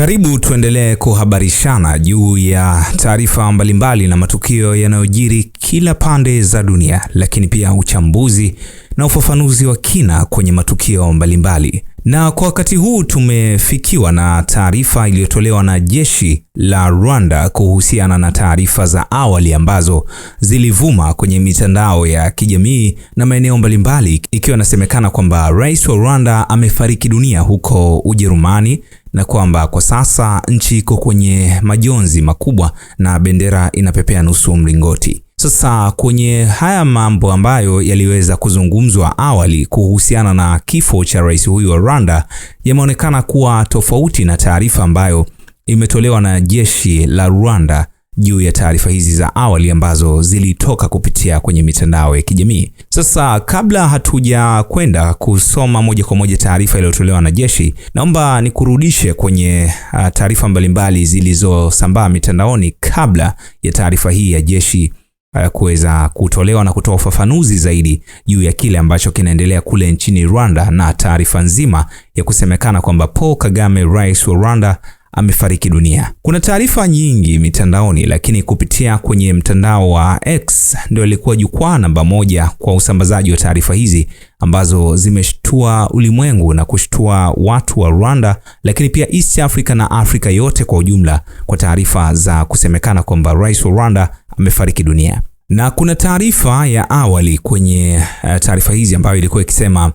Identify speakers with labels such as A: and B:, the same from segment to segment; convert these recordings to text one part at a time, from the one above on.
A: Karibu tuendelee kuhabarishana juu ya taarifa mbalimbali na matukio yanayojiri kila pande za dunia, lakini pia uchambuzi na ufafanuzi wa kina kwenye matukio mbalimbali. Na kwa wakati huu tumefikiwa na taarifa iliyotolewa na jeshi la Rwanda kuhusiana na taarifa za awali ambazo zilivuma kwenye mitandao ya kijamii na maeneo mbalimbali, ikiwa inasemekana kwamba rais wa Rwanda amefariki dunia huko Ujerumani na kwamba kwa sasa nchi iko kwenye majonzi makubwa na bendera inapepea nusu mlingoti. Sasa kwenye haya mambo ambayo yaliweza kuzungumzwa awali kuhusiana na kifo cha rais huyu wa Rwanda yameonekana kuwa tofauti na taarifa ambayo imetolewa na jeshi la Rwanda juu ya taarifa hizi za awali ambazo zilitoka kupitia kwenye mitandao ya kijamii. Sasa kabla hatuja kwenda kusoma moja kwa moja taarifa iliyotolewa na jeshi, naomba nikurudishe kwenye uh, taarifa mbalimbali zilizosambaa mitandaoni kabla ya taarifa hii ya jeshi Eh, kuweza kutolewa na kutoa ufafanuzi zaidi juu ya kile ambacho kinaendelea kule nchini Rwanda na taarifa nzima ya kusemekana kwamba Paul Kagame, rais wa Rwanda, amefariki dunia. Kuna taarifa nyingi mitandaoni, lakini kupitia kwenye mtandao wa X ndio ilikuwa jukwaa namba moja kwa usambazaji wa taarifa hizi ambazo zimeshtua ulimwengu na kushtua watu wa Rwanda, lakini pia East Africa na Afrika yote kwa ujumla, kwa taarifa za kusemekana kwamba rais wa Rwanda amefariki dunia, na kuna taarifa ya awali kwenye eh, taarifa hizi ambayo ilikuwa ikisema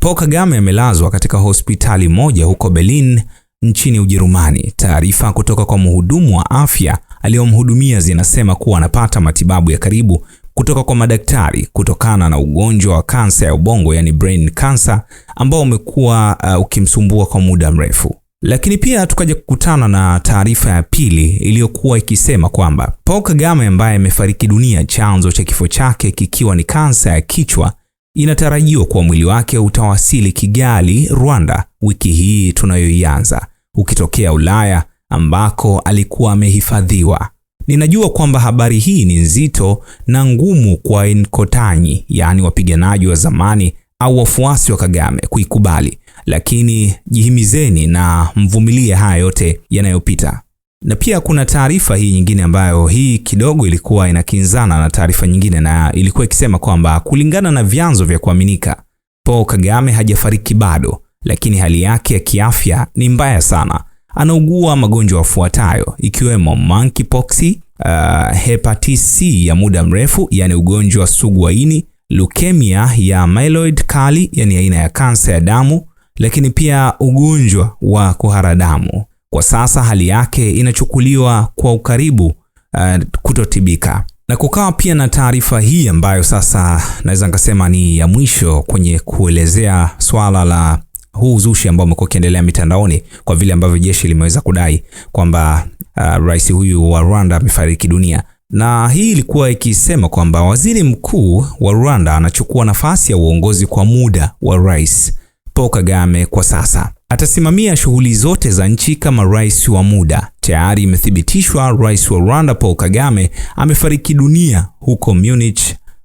A: Paul Kagame amelazwa katika hospitali moja huko Berlin nchini Ujerumani. Taarifa kutoka kwa mhudumu wa afya aliyomhudumia zinasema kuwa anapata matibabu ya karibu kutoka kwa madaktari kutokana na ugonjwa wa kansa ya ubongo, yani brain cancer, ambao umekuwa uh, ukimsumbua kwa muda mrefu. Lakini pia tukaja kukutana na taarifa ya pili iliyokuwa ikisema kwamba Paul Kagame ambaye amefariki dunia, chanzo cha kifo chake kikiwa ni kansa ya kichwa, inatarajiwa kuwa mwili wake utawasili Kigali, Rwanda wiki hii tunayoianza, ukitokea Ulaya ambako alikuwa amehifadhiwa. Ninajua kwamba habari hii ni nzito na ngumu kwa Enkotanyi, yaani wapiganaji wa zamani au wafuasi wa Kagame kuikubali lakini jihimizeni na mvumilie haya yote yanayopita. Na pia kuna taarifa hii nyingine ambayo hii kidogo ilikuwa inakinzana na taarifa nyingine, na ilikuwa ikisema kwamba kulingana na vyanzo vya kuaminika, Paul Kagame hajafariki bado, lakini hali yake ya kiafya ni mbaya sana. Anaugua magonjwa yafuatayo ikiwemo monkeypox, uh, hepatitis C ya muda mrefu, yani ugonjwa sugu wa ini, leukemia ya myeloid kali, yani aina ya kansa ya damu lakini pia ugonjwa wa kuhara damu. Kwa sasa hali yake inachukuliwa kwa ukaribu uh, kutotibika na kukawa pia na taarifa hii ambayo sasa naweza nikasema ni ya mwisho kwenye kuelezea swala la huu uzushi ambao umekuwa ukiendelea mitandaoni kwa vile ambavyo jeshi limeweza kudai kwamba uh, rais huyu wa Rwanda amefariki dunia, na hii ilikuwa ikisema kwamba waziri mkuu wa Rwanda anachukua nafasi ya uongozi kwa muda wa rais Paul Kagame kwa sasa. Atasimamia shughuli zote za nchi kama rais wa muda. Tayari imethibitishwa rais wa Rwanda Paul Kagame amefariki dunia huko Munich,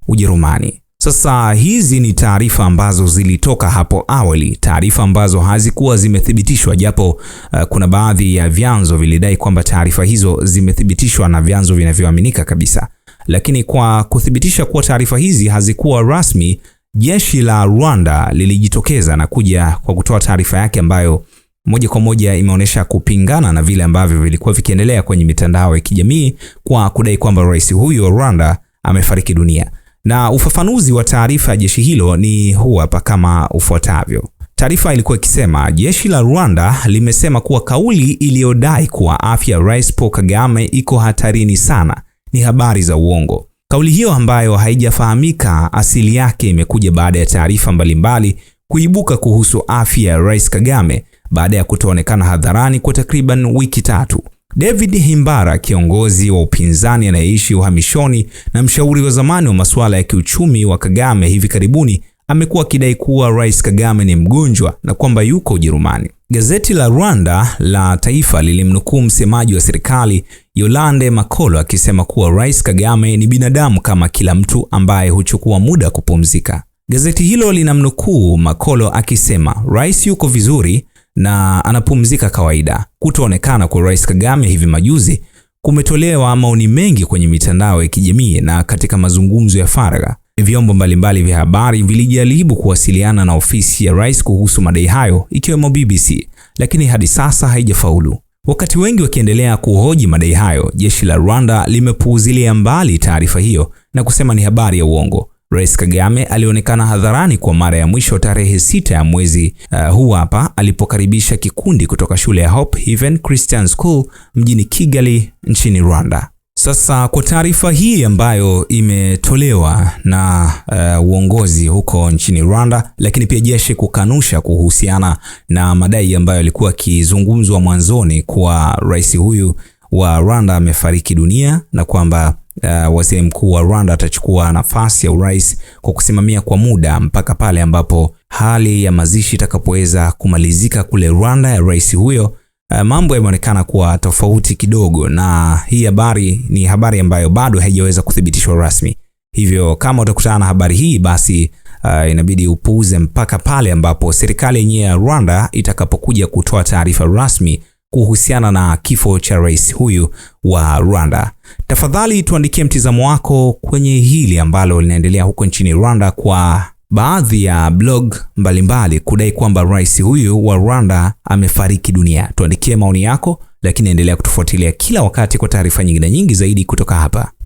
A: Ujerumani. Sasa hizi ni taarifa ambazo zilitoka hapo awali, taarifa ambazo hazikuwa zimethibitishwa, japo uh, kuna baadhi ya vyanzo vilidai kwamba taarifa hizo zimethibitishwa na vyanzo vinavyoaminika kabisa, lakini kwa kuthibitisha kuwa taarifa hizi hazikuwa rasmi jeshi la Rwanda lilijitokeza na kuja kwa kutoa taarifa yake ambayo moja kwa moja imeonyesha kupingana na vile ambavyo vilikuwa vikiendelea kwenye mitandao ya kijamii kwa kudai kwamba rais huyo wa Rwanda amefariki dunia. Na ufafanuzi wa taarifa ya jeshi hilo ni huu hapa kama ufuatavyo. Taarifa ilikuwa ikisema jeshi la Rwanda limesema kuwa kauli iliyodai kuwa afya ya Rais Paul Kagame iko hatarini sana ni habari za uongo. Kauli hiyo ambayo haijafahamika asili yake imekuja baada ya taarifa mbalimbali kuibuka kuhusu afya ya Rais Kagame baada ya kutoonekana hadharani kwa takriban wiki tatu. David Himbara, kiongozi wa upinzani anayeishi uhamishoni na mshauri wa zamani wa masuala ya kiuchumi wa Kagame, hivi karibuni amekuwa akidai kuwa Rais Kagame ni mgonjwa na kwamba yuko Ujerumani. Gazeti la Rwanda la Taifa lilimnukuu msemaji wa serikali Yolande Makolo akisema kuwa Rais Kagame ni binadamu kama kila mtu ambaye huchukua muda kupumzika. Gazeti hilo linamnukuu Makolo akisema rais yuko vizuri na anapumzika kawaida. Kutoonekana kwa Rais Kagame hivi majuzi kumetolewa maoni mengi kwenye mitandao ya kijamii na katika mazungumzo ya faragha. Vyombo mbalimbali vya habari vilijaribu kuwasiliana na ofisi ya rais kuhusu madai hayo, ikiwemo BBC, lakini hadi sasa haijafaulu. Wakati wengi wakiendelea kuhoji madai hayo, jeshi la Rwanda limepuuzilia mbali taarifa hiyo na kusema ni habari ya uongo. Rais Kagame alionekana hadharani kwa mara ya mwisho tarehe sita ya mwezi uh, huu hapa alipokaribisha kikundi kutoka shule ya Hope Haven Christian School mjini Kigali nchini Rwanda. Sasa kwa taarifa hii ambayo imetolewa na uh, uongozi huko nchini Rwanda, lakini pia jeshi kukanusha kuhusiana na madai ambayo yalikuwa akizungumzwa mwanzoni kwa rais huyu wa Rwanda amefariki dunia na kwamba uh, waziri mkuu wa Rwanda atachukua nafasi ya urais kwa kusimamia kwa muda mpaka pale ambapo hali ya mazishi itakapoweza kumalizika kule Rwanda ya rais huyo Eh, mambo yameonekana kuwa tofauti kidogo, na hii habari ni habari ambayo bado haijaweza kuthibitishwa rasmi. Hivyo kama utakutana na habari hii, basi uh, inabidi upuuze mpaka pale ambapo serikali yenyewe ya Rwanda itakapokuja kutoa taarifa rasmi kuhusiana na kifo cha rais huyu wa Rwanda. Tafadhali tuandikie mtizamo wako kwenye hili ambalo linaendelea huko nchini Rwanda kwa baadhi ya blog mbalimbali kudai kwamba rais huyu wa Rwanda amefariki dunia. Tuandikie maoni yako, lakini endelea kutufuatilia kila wakati kwa taarifa nyingine nyingi zaidi kutoka hapa.